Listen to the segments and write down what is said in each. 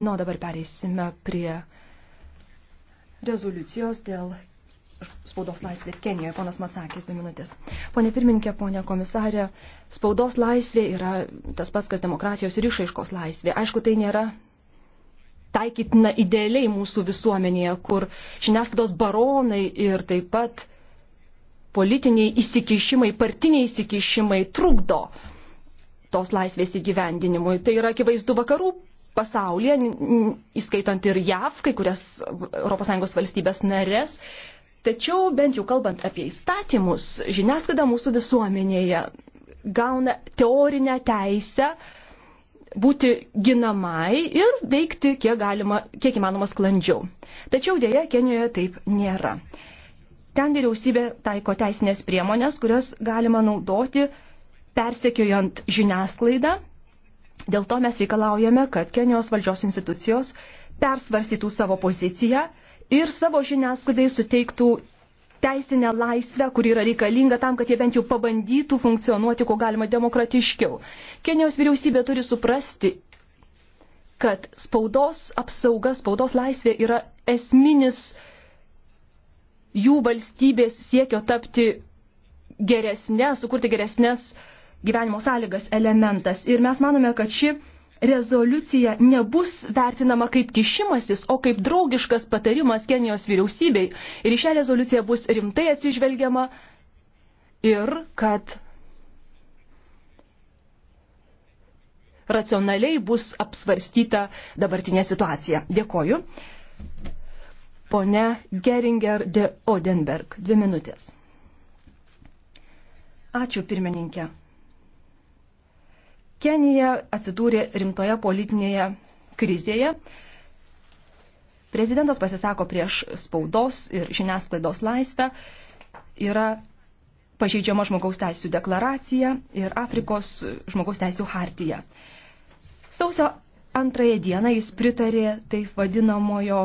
Na, nu, dabar pereisime prie rezoliucijos dėl spaudos laisvės Kenijoje. Ponas Matsakis, dvi minutės. Pone pirmininkė, ponė komisarė, spaudos laisvė yra tas pats, kas demokratijos ir išaiškos laisvė. Aišku, tai nėra taikytina idealiai mūsų visuomenėje, kur žiniasklaidos baronai ir taip pat politiniai įsikišimai, partiniai įsikišimai trukdo tos laisvės įgyvendinimui. Tai yra akivaizdu vakarų pasaulyje, įskaitant ir JAV, kai kurias ES valstybės narės. Tačiau bent jau kalbant apie įstatymus, žiniasklaida mūsų visuomenėje gauna teorinę teisę būti ginamai ir veikti kiek, galima, kiek įmanoma sklandžiau. Tačiau dėja Kenijoje taip nėra. Ten vyriausybė taiko teisinės priemonės, kurias galima naudoti persekiojant žiniasklaidą Dėl to mes reikalaujame, kad Kenijos valdžios institucijos persvarstytų savo poziciją ir savo žiniasklaidai suteiktų teisinę laisvę, kuri yra reikalinga tam, kad jie bent jau pabandytų funkcionuoti, kuo galima demokratiškiau. Kenijos vyriausybė turi suprasti, kad spaudos apsauga, spaudos laisvė yra esminis jų valstybės siekio tapti geresnė, sukurti geresnės uh, gyvenimo sąlygas elementas. Ir mes manome, kad ši rezoliucija nebus vertinama kaip kišimasis, o kaip draugiškas patarimas Kenijos vyriausybei. Ir į šią rezoliuciją bus rimtai atsižvelgiama ir kad racionaliai bus apsvarstyta dabartinė situacija. Dėkoju. Pone Geringer de Odenberg, dvi minutės. Ačiū pirmininkė. Kenija atsidūrė rimtoje politinėje krizėje. Prezidentas pasisako prieš spaudos ir žiniasklaidos laisvę. Yra pažeidžiama žmogaus teisų deklaracija ir Afrikos žmogaus teisų hartija. Sausio antrąją dieną jis pritarė taip vadinamojo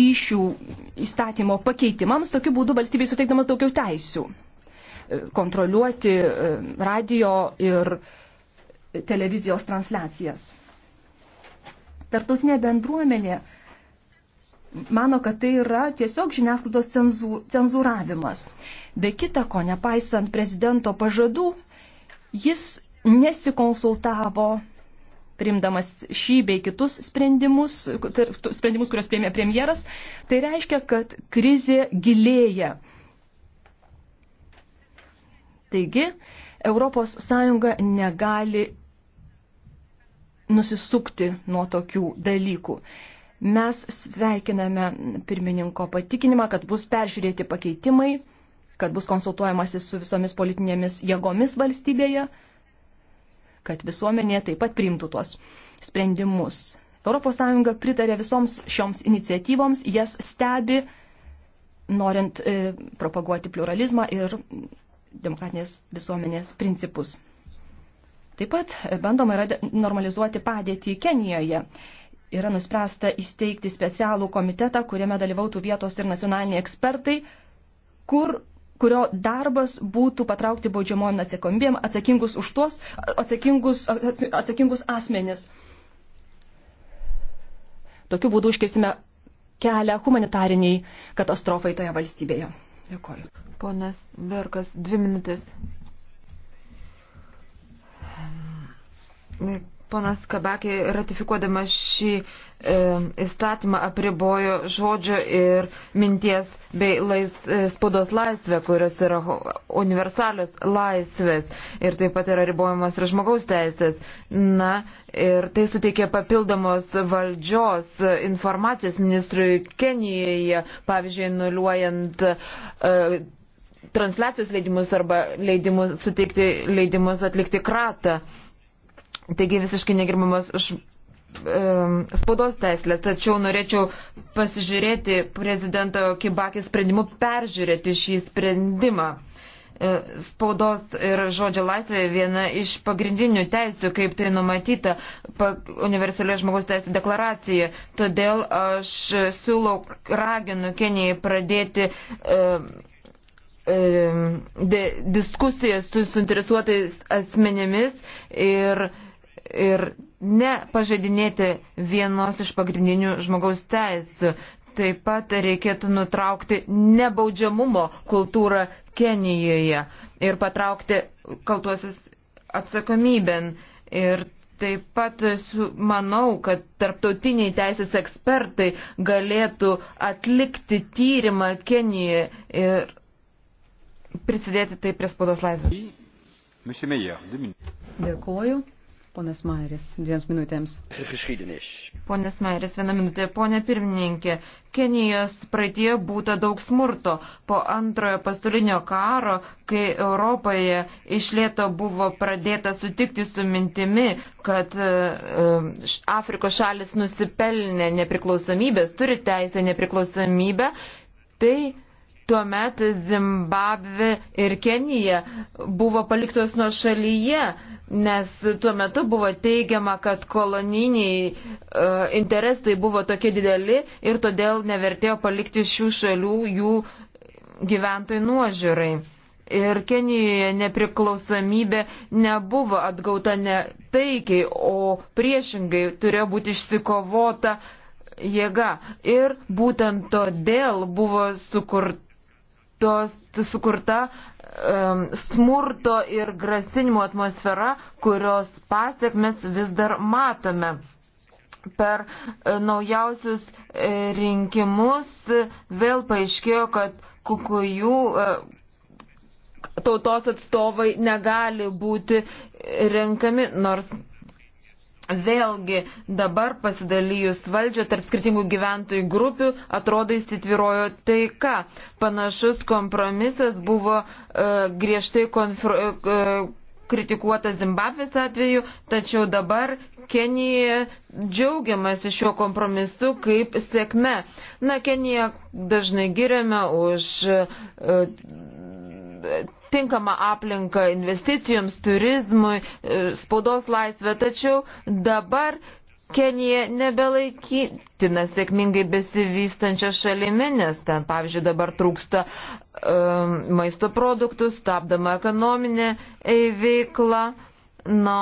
ryšių įstatymo pakeitimams, tokiu būdu valstybei suteikdamas daugiau teisių kontroliuoti e, radio ir televizijos transliacijas. Tartautinė bendruomenė mano, kad tai yra tiesiog žiniasklaidos cenzūravimas. Be kita ko, nepaisant prezidento pažadų, jis nesikonsultavo primdamas šį bei kitus sprendimus, sprendimus, kurios priemė premjeras, tai reiškia, kad krizė gilėja. Taigi, ES negali nusisukti nuo tokių dalykų. Mes sveikiname pirmininko patikinimą, kad bus peržiūrėti pakeitimai, kad bus konsultuojamasi su visomis politinėmis jėgomis valstybėje, kad visuomenė taip pat priimtų tuos sprendimus. ES pritarė visoms šioms iniciatyvoms, jas stebi, norint e, propaguoti pluralizmą ir demokratinės visuomenės principus. Taip pat bandoma yra normalizuoti padėtį Kenijoje. Yra nuspręsta įsteigti specialų komitetą, kuriame dalyvautų vietos ir nacionaliniai ekspertai, kur, kurio darbas būtų patraukti baudžiamojim atsakomybėm atsakingus už tuos atsakingus, atsakingus asmenis. Tokiu būdu užkirsime kelią humanitariniai katastrofai toje valstybėje. Dėkoju. Ponas Berkas, dvi minutės. ponas Kabakė ratifikuodamas šį e, įstatymą apribojo žodžio ir minties bei lais, e, spaudos laisvę, kurios yra universalios laisvės ir taip pat yra ribojamos ir žmogaus teisės. Na ir tai suteikė papildomos valdžios informacijos ministrui Kenijoje, pavyzdžiui, nuliuojant. E, transliacijos leidimus arba leidimus, suteikti leidimus atlikti kratą. E, Taigi visiškai negirbamas spaudos teislės, tačiau norėčiau pasižiūrėti prezidento Kibakės sprendimu peržiūrėti šį sprendimą. E, spaudos ir žodžio laisvė viena iš pagrindinių teisių, kaip tai numatyta universalioje žmogaus teisų deklaracijoje. Todėl aš siūlau raginu Kenijai pradėti uh, uh, diskusijas su suinteresuotais asmenėmis ir uh, ir nepažeidinėti vienos iš pagrindinių žmogaus teisų. Taip pat reikėtų nutraukti nebaudžiamumo kultūrą Kenijoje ir patraukti kaltuosius atsakomybėn. Ir Taip pat manau, kad tarptautiniai teisės ekspertai galėtų atlikti tyrimą Kenijoje ir prisidėti tai prie spaudos laisvės. Dėkuoju. Ponas Mairis, dviems minutėms. Ponas Mairis, vieną minutę. Pone pirmininkė, Kenijos praeitie būta daug smurto. Po antrojo pasaulinio karo, kai Europoje išlėto buvo pradėta sutikti su mintimi, kad uh, Afrikos šalis nusipelnė nepriklausomybės, turi teisę nepriklausomybę, tai tuomet Zimbabvė ir Kenija buvo paliktos nuo šalyje nes tuo metu buvo teigiama, kad koloniniai uh, e, interesai buvo tokie dideli ir todėl nevertėjo palikti šių šalių jų gyventojų nuožiūrai. Ir Kenijoje nepriklausomybė nebuvo atgauta ne taikiai, o priešingai turėjo būti išsikovota jėga. Ir būtent todėl buvo sukurta tos sukurta um, smurto ir grasinimo atmosfera, kurios pasiekmes vis dar matome. Per e, naujausius e, rinkimus vėl paaiškėjo, kad kukujų e, tautos atstovai negali būti renkami, nors Vėlgi dabar pasidalijus valdžią tarp skirtingų gyventojų grupių atrodo įsitvirojo taika. Panašus kompromisas buvo e, griežtai konfr, e, kritikuotas Zimbabvės atveju, tačiau dabar Kenija džiaugiamasi šiuo kompromisu kaip sėkme. Na, Keniją dažnai giriame už. E, tinkamą aplinką investicijoms, turizmui, e, spaudos laisvę, tačiau dabar Kenija nebelaikytina sėkmingai besivystančią šalimi, nes ten, pavyzdžiui, dabar trūksta um, maisto produktų, stabdama ekonominė veikla. Na,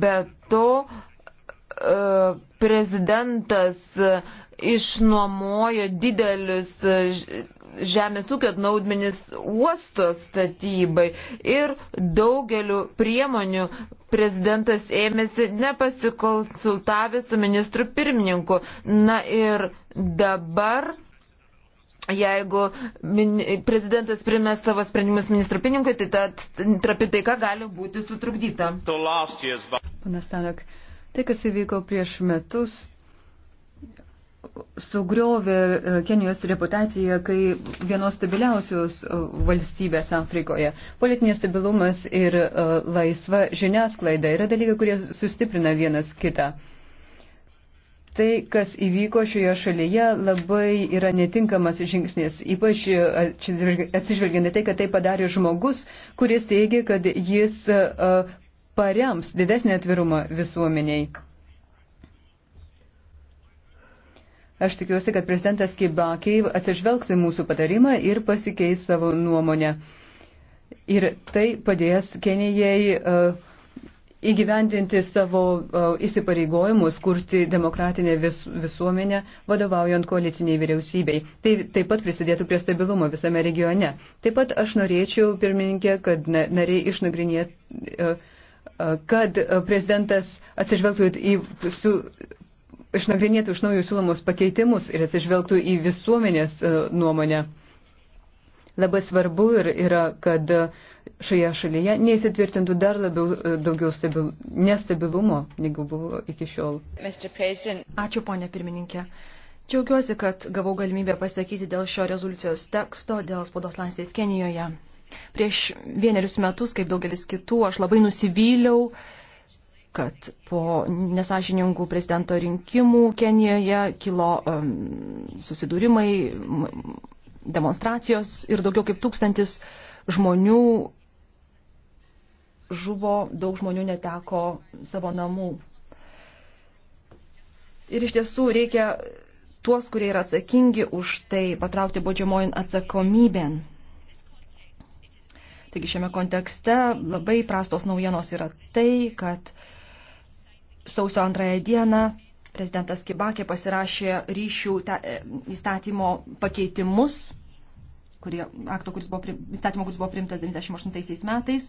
be to, uh, prezidentas uh, išnuomojo didelius e, žemės ūkio naudmenis uostos statybai ir daugeliu priemonių prezidentas ėmėsi nepasikonsultavęs su ministru pirmininku. Na ir dabar jeigu min, prezidentas primė savo sprendimus ministrų pinigui, tai ta trapi taika gali būti sutrukdyta. Panas Tanak, tai kas įvyko prieš metus, sugriovė e, Kenijos reputaciją kai vienos stabiliausios e, valstybės Afrikoje. Politinės stabilumas ir e, laisva žiniasklaida yra dalykai, kurie sustiprina vienas kitą. Tai, kas įvyko šioje šalyje, labai yra netinkamas žingsnis, ypač atsižvelgiant tai, kad tai padarė žmogus, kuris teigia, kad jis parems didesnį atvirumą visuomeniai. Aš tikiuosi, kad prezidentas Kibakiai atsižvelgs į mūsų patarimą ir pasikeis savo nuomonę. Ir tai padės Kenijai uh, įgyvendinti savo uh, įsipareigojimus, kurti demokratinę vis, visuomenę, vadovaujant koaliciniai vyriausybei. Tai taip pat prisidėtų prie stabilumo visame regione. Taip pat aš norėčiau, pirmininkė, kad nariai išnagrinėtų uh, kad prezidentas atsižvelgtų į su, išnagrinėtų iš naujo siūlomus pakeitimus ir atsižvelgtų į visuomenės e, nuomonę. Labai svarbu ir yra, kad šioje šalyje neįsitvirtintų dar labiau e, daugiau stabil, nestabilumo, negu buvo iki šiol. Ačiū, ponė pirmininkė. Džiaugiuosi, kad gavau galimybę pasakyti dėl šio rezoliucijos teksto, dėl spaudos laisvės Kenijoje. Prieš vienerius metus, kaip daugelis kitų, aš labai nusivyliau kad po nesažiningų prezidento rinkimų Kenijoje kilo um, susidūrimai, demonstracijos ir daugiau kaip tūkstantis žmonių žuvo, daug žmonių neteko savo namų. Ir iš tiesų reikia tuos, kurie yra atsakingi už tai, patraukti baudžiamojin atsakomybėn. Taigi šiame kontekste labai prastos naujienos yra tai, kad uh, Sausio antrąją dieną prezidentas Kibakė pasirašė ryšių te, e, įstatymo pakeitimus, kurie, akto, kuris buvo, įstatymo, kuris buvo priimtas 98 metais.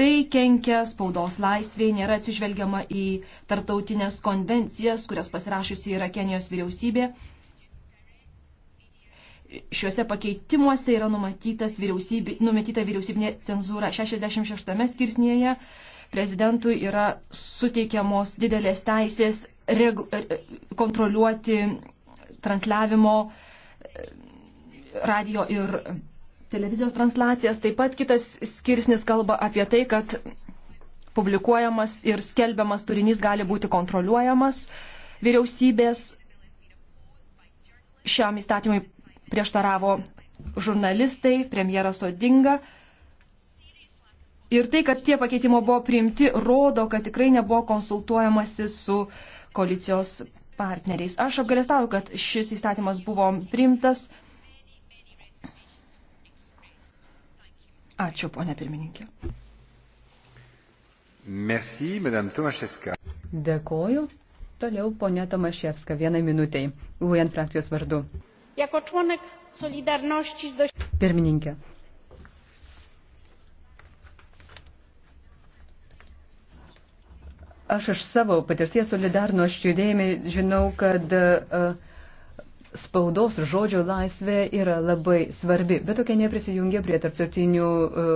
Tai kenkia spaudos laisvėje, nėra atsižvelgiama į tartautinės konvencijas, kurias pasirašusi yra Kenijos vyriausybė šiuose pakeitimuose yra numatytas vyriausybė, numatyta vyriausybinė cenzūra 66 skirsnėje prezidentui yra suteikiamos didelės teisės regu, e, kontroliuoti transliavimo e, radio ir televizijos transliacijas. Taip pat kitas skirsnis kalba apie tai, kad publikuojamas ir skelbiamas turinys gali būti kontroliuojamas vyriausybės. Šiam įstatymui prieštaravo žurnalistai, premjeras Odinga Ir tai, kad tie pakeitimo buvo priimti, rodo, kad tikrai nebuvo konsultuojamasi su koalicijos partneriais. Aš apgalėstauju, kad šis įstatymas buvo priimtas. Ačiū, ponė pirmininkė. Merci, madame Tomaševska. Dėkoju. Toliau ponė Tomaševska, vienai minutiai. UN frakcijos vardu. Pirmininkė, Aš iš savo patirties solidarnos judėjimai žinau, kad e, spaudos ir žodžio laisvė yra labai svarbi, bet tokia neprisijungia prie tarptautinių e,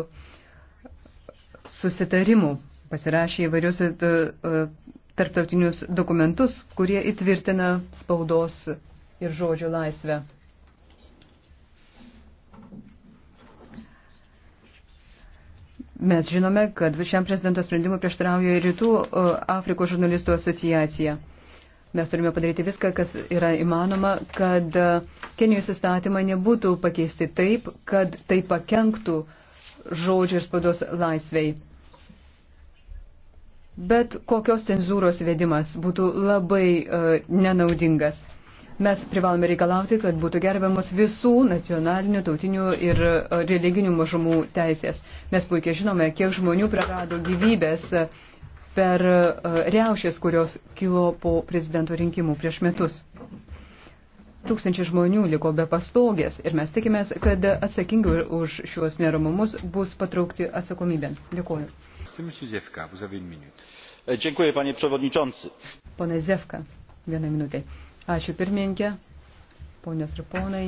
susitarimų, pasirašė įvairius e, tarptautinius dokumentus, kurie įtvirtina spaudos ir žodžio laisvę. Mes žinome, kad šiam prezidento sprendimui prieštarauja Rytų e, Afrikos žurnalistų asociacija. Mes turime padaryti viską, kas yra įmanoma, kad e, Kenijos įstatymai nebūtų pakeisti taip, kad tai pakenktų žodžio ir spaudos laisvei. Bet kokios cenzūros vedimas būtų labai uh, nenaudingas. Mes privalome reikalauti, kad būtų gerbiamos visų nacionalinių, tautinių ir e, religinių mažumų teisės. Mes puikiai žinome, kiek žmonių prarado gyvybės e, per e, riaušės, kurios kilo po prezidento rinkimų prieš metus. Tūkstančiai žmonių liko be pastogės ir mes tikimės, kad atsakingi už šiuos neramumus bus patraukti atsakomybėn. Dėkuoju. Dziękuję, panie przewodniczący. Pone Zewka, vieną minutę. Ačiū pirmininkė, ponios ir ponai.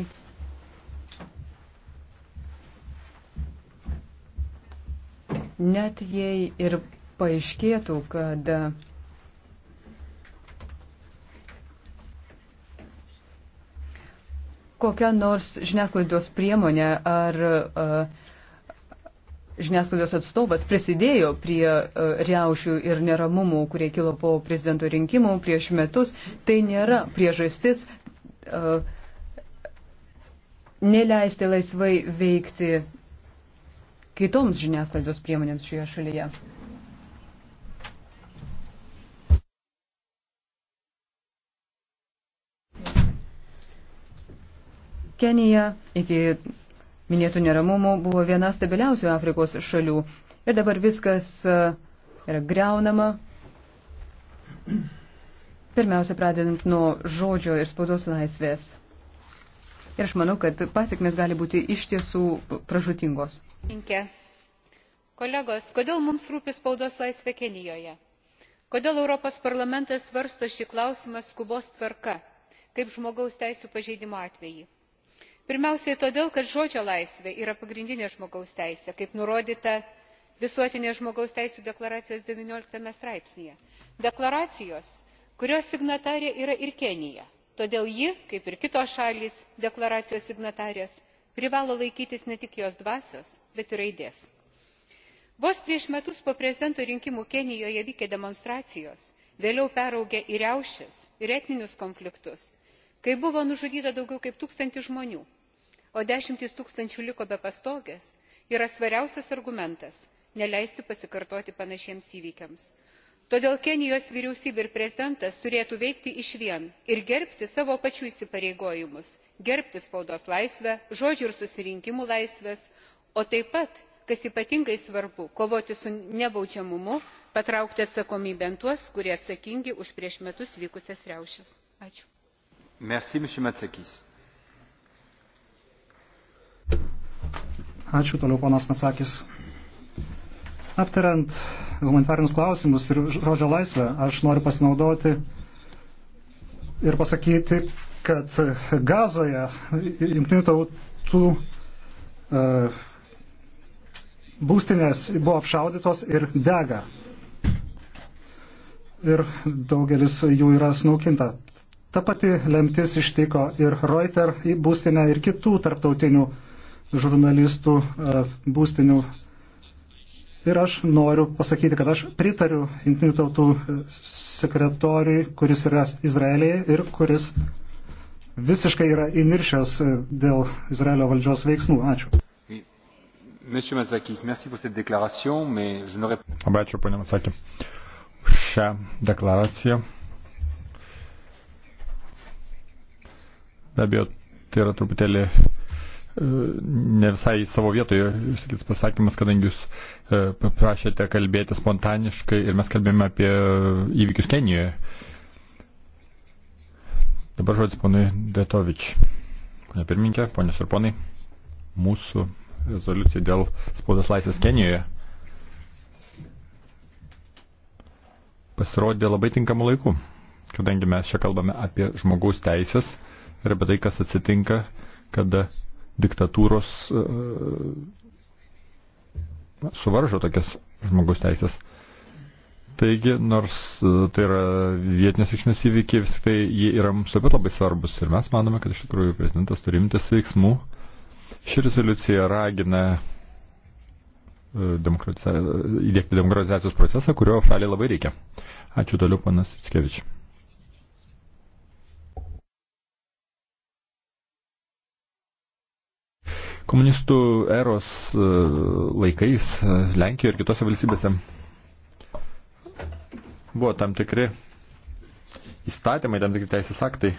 Net jei ir paaiškėtų, kad kokia nors žiniasklaidos priemonė ar uh, žiniasklaidos atstovas prisidėjo prie e, riaušių ir neramumų, kurie kilo po prezidento rinkimų prieš metus, tai nėra priežastis uh, neleisti laisvai veikti kitoms žiniasklaidos priemonėms šioje šalyje. Kenija iki minėtų neramumų buvo viena stabiliausių Afrikos šalių. Ir dabar viskas e, yra greunama. Pirmiausia, pradedant nuo žodžio ir spaudos laisvės. Ir aš manau, kad pasiekmes gali būti iš tiesų pražutingos. Inke. Kolegos, kodėl mums rūpi spaudos laisvė Kenijoje? Kodėl Europos parlamentas svarsto šį klausimą skubos tvarka, kaip žmogaus teisų pažeidimo atvejį? pirmiausia todėl kad žodžio laisvė yra pagrindinė žmogaus teisė kaip nurodyta visuotinės žmogaus teisių deklaracijos devyniolika straipsnyje deklaracijos kurios signatarė yra ir kenija todėl ji kaip ir kitos šalys deklaracijos signatarės privalo laikytis ne tik jos dvasios bet ir raidės. vos prieš metus po prezidento rinkimų kenijoje vykę demonstracijos vėliau peraugę į riaušes ir etninius konfliktus kai buvo nužudyta daugiau kaip tūkstantis žmonių o dešimtys tūkstančių liko be pastogės yra svariausias argumentas neleisti pasikartoti panašiems įvykiams. todėl kenijos vyriausybė ir prezidentas turėtų veikti išvien ir gerbti savo pačių įsipareigojimus gerbti spaudos laisvę žodžio ir susirinkimų laisves o taip pat kas ypatingai svarbu kovoti su nebaudžiamumu patraukti atsakomybėn tuos kurie atsakingi už prieš metus vykusias riaušes. Ačiū toliau, ponas Matsakis. Aptariant humanitarinius klausimus ir žodžio laisvę, aš noriu pasinaudoti ir pasakyti, kad gazoje jungtinių tautų uh, būstinės buvo apšaudytos ir dega. Ir daugelis jų yra snaukinta. Ta pati lemtis ištiko ir Reuter į būstinę ir kitų tarptautinių žurnalistų e, būstinių. Ir aš noriu pasakyti, kad aš pritariu Junktinių tautų e, sekretoriui, kuris yra Izraelėje ir kuris visiškai yra įniršęs e, dėl Izraelio valdžios veiksmų. Ačiū. Monsieur Mazakis, merci pour cette déclaration, mais je n'aurais pas. Labai ačiū, ponė Mazakė, už šią deklaraciją. Be abejo, tai yra truputėlį ne visai savo vietoje išsakytas pasakymas, kadangi jūs e, paprašėte kalbėti spontaniškai ir mes kalbėjome apie e, įvykius Kenijoje. Dabar žodis ponui Detovič. Pone pirminkė, ponios ir ponai, mūsų rezoliucija dėl spaudos laisvės Kenijoje pasirodė labai tinkamu laiku, kadangi mes čia kalbame apie žmogaus teisės ir apie tai, kas atsitinka, kada diktatūros e, suvaržo tokias žmogus teisės. Taigi, nors e, tai yra vietinės reikšmės įvykiai, vis tik tai jie yra mums taip pat labai svarbus ir mes manome, kad iš tikrųjų prezidentas turi imtis veiksmų. Ši rezoliucija ragina e, demokratiza... įdėkti demokratizacijos procesą, kurio šaliai labai reikia. Ačiū toliau, panas Skevičiai. komunistų eros e, laikais e, Lenkijoje ir kitose valstybėse buvo tam tikri įstatymai, tam tikri teisės aktai,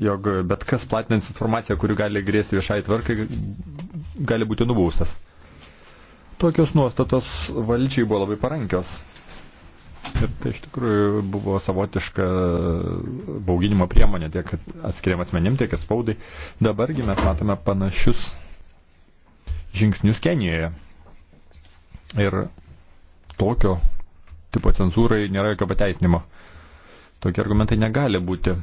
jog bet kas platinant informaciją, kuri gali grėsti viešai tvarkai, gali būti nubaustas. Tokios nuostatos valdžiai buvo labai parankios. Ir tai iš tikrųjų buvo savotiška bauginimo priemonė tiek atskiriam asmenim, tiek spaudai. Dabargi mes matome panašius žingsnius Kenijoje. Ir tokio tipo cenzūrai nėra jokio pateisinimo. Tokie argumentai negali būti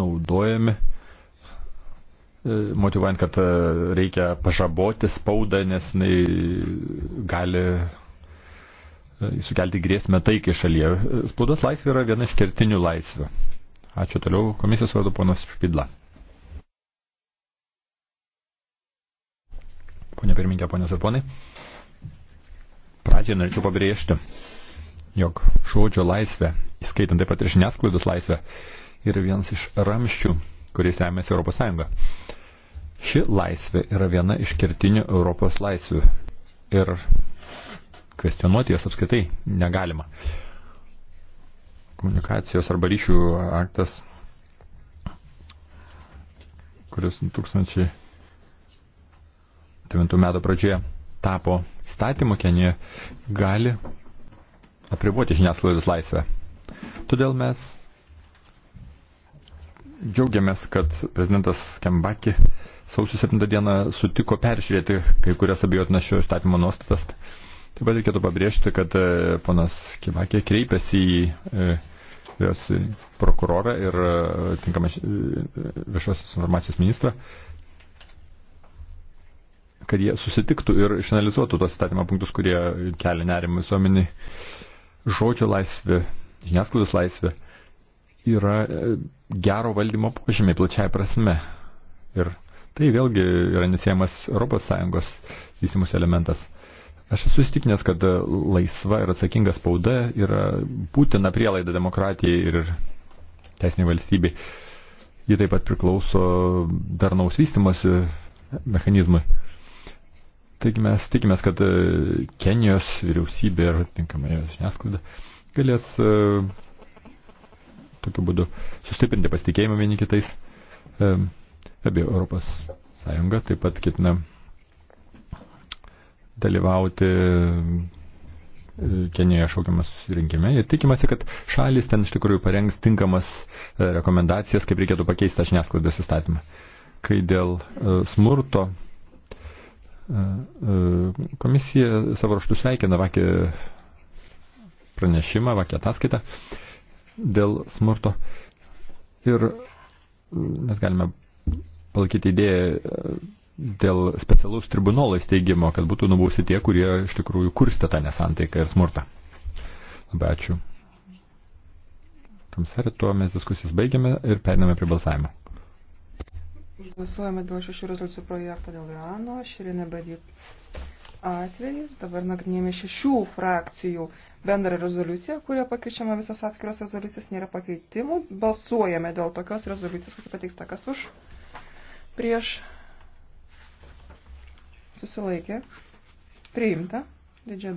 naudojami, e, motivuojant, kad e, reikia pažaboti spaudą, nes jinai gali E, sukelti grėsmę taikai šalyje. E, spaudos laisvė yra viena iš kertinių laisvių. Ačiū toliau. Komisijos vardu ponas Špidla. Pone pirmininkė, ponios ir ponai. Pradžiai norėčiau pabrėžti, jog žodžio laisvė, įskaitant taip pat ir žiniasklaidos laisvė, yra vienas iš ramščių, kuriais remiasi Europos Sąjunga. Ši laisvė yra viena iš kertinių Europos laisvių. Ir kvestionuoti jos apskaitai negalima. Komunikacijos arba ryšių aktas, kuris 2009 metų pradžioje tapo statymu Kenijoje, gali apriboti žiniasklaidos laisvę. Todėl mes džiaugiamės, kad prezidentas Kembaki sausio 7 dieną sutiko peržiūrėti kai kurias abijotinas šio įstatymo nuostatas Taip pat reikėtų pabrėžti, kad e, ponas Kivakė kreipėsi į e, jos prokurorą ir e, tinkamą viešosios informacijos ministrą, kad jie susitiktų ir išanalizuotų tos įstatymo punktus, kurie kelia nerimą visuomenį. Žodžio laisvė, žiniasklaidos laisvė yra gero valdymo požymiai plačiai prasme. Ir tai vėlgi yra nesiejamas ES vystimus elementas. Aš esu įstikinęs, kad laisva ir atsakinga spauda yra būtina prielaida demokratijai ir teisiniai valstybei. Ji taip pat priklauso darnaus vystimosi mechanizmui. Taigi mes tikimės, kad Kenijos vyriausybė ir tinkamai žiniasklaida galės e, tokiu būdu sustiprinti pasitikėjimą vieni kitais. E, be abejo, Europos Sąjunga taip pat ketina dalyvauti e, Kenijoje šaukiamas susirinkime ir tikimasi, kad šalis ten iš tikrųjų parengs tinkamas e, rekomendacijas, kaip reikėtų pakeisti tą žiniasklaidos įstatymą. Kai dėl e, smurto komisija savo raštų sveikina vakį pranešimą, vakį ataskaitą dėl smurto ir mes galime palaikyti idėją dėl specialaus tribunolo įsteigimo, kad būtų nubausti tie, kurie iš tikrųjų kurstė tą nesantaiką ir smurtą. Labai ačiū. Komisarė, tuo mes diskusijas baigiame ir periname prie balsavimo. Balsuojame dėl šešių rezoliucijų projekto dėl Irano, Širinė Badit atvejais. Dabar nagrinėjame šešių frakcijų bendrą rezoliuciją, kurioje pakeičiama visos atskiros rezoliucijos, nėra pakeitimų. Balsuojame dėl tokios rezoliucijos, kokia pateiksta kas už. Prieš susilaikė, priimta didžia dauguma.